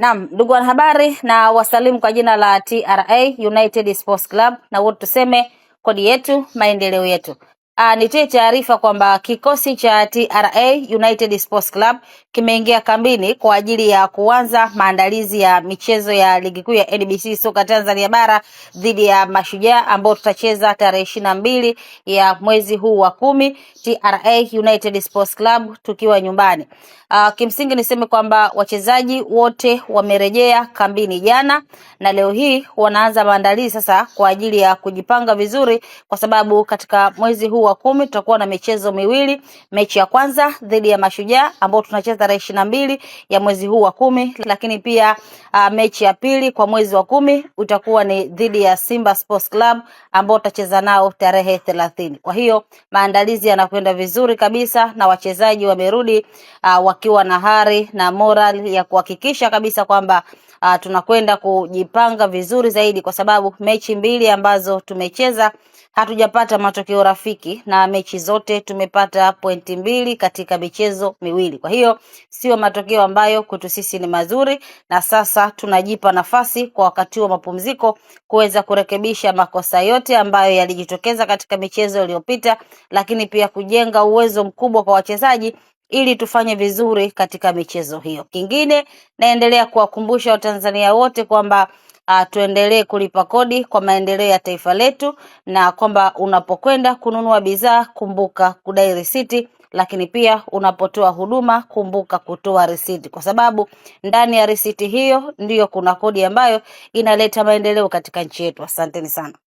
Naam, ndugu wanahabari, na wasalimu kwa jina la TRA United Sports Club, na wote tuseme kodi yetu maendeleo yetu uh, nitoe taarifa kwamba kikosi cha TRA United Sports Club kimeingia kambini kwa ajili ya kuanza maandalizi ya michezo ya ligi kuu ya NBC soka Tanzania bara dhidi ya Mashujaa ambao tutacheza tarehe ishirini na mbili ya mwezi huu wa kumi, TRA United Sports Club tukiwa nyumbani. Uh, kimsingi niseme kwamba wachezaji wote wamerejea kambini jana na leo hii wanaanza maandalizi sasa kwa ajili ya kujipanga vizuri, kwa sababu katika mwezi huu wa kumi tutakuwa na michezo miwili. Mechi ya kwanza dhidi ya Mashujaa ambao tunacheza tarehe ishirini na mbili ya mwezi huu wa kumi, lakini pia uh, mechi ya pili kwa mwezi wa kumi utakuwa ni dhidi ya Simba Sports Club ambao tutacheza nao tarehe thelathini. Kwa hiyo maandalizi yanakwenda vizuri kabisa na wachezaji wamerudi uh, wakiwa na hari na moral ya kuhakikisha kabisa kwamba uh, tunakwenda kujipanga vizuri zaidi, kwa sababu mechi mbili ambazo tumecheza hatujapata matokeo rafiki, na mechi zote tumepata pointi mbili katika michezo miwili. Kwa hiyo sio matokeo ambayo kwetu sisi ni mazuri, na sasa tunajipa nafasi kwa wakati wa mapumziko kuweza kurekebisha makosa yote ambayo yalijitokeza katika michezo iliyopita, lakini pia kujenga uwezo mkubwa kwa wachezaji ili tufanye vizuri katika michezo hiyo. Kingine naendelea kuwakumbusha Watanzania wote kwamba Uh, tuendelee kulipa kodi kwa maendeleo ya taifa letu, na kwamba unapokwenda kununua bidhaa kumbuka kudai risiti, lakini pia unapotoa huduma kumbuka kutoa risiti, kwa sababu ndani ya risiti hiyo ndiyo kuna kodi ambayo inaleta maendeleo katika nchi yetu. Asanteni sana.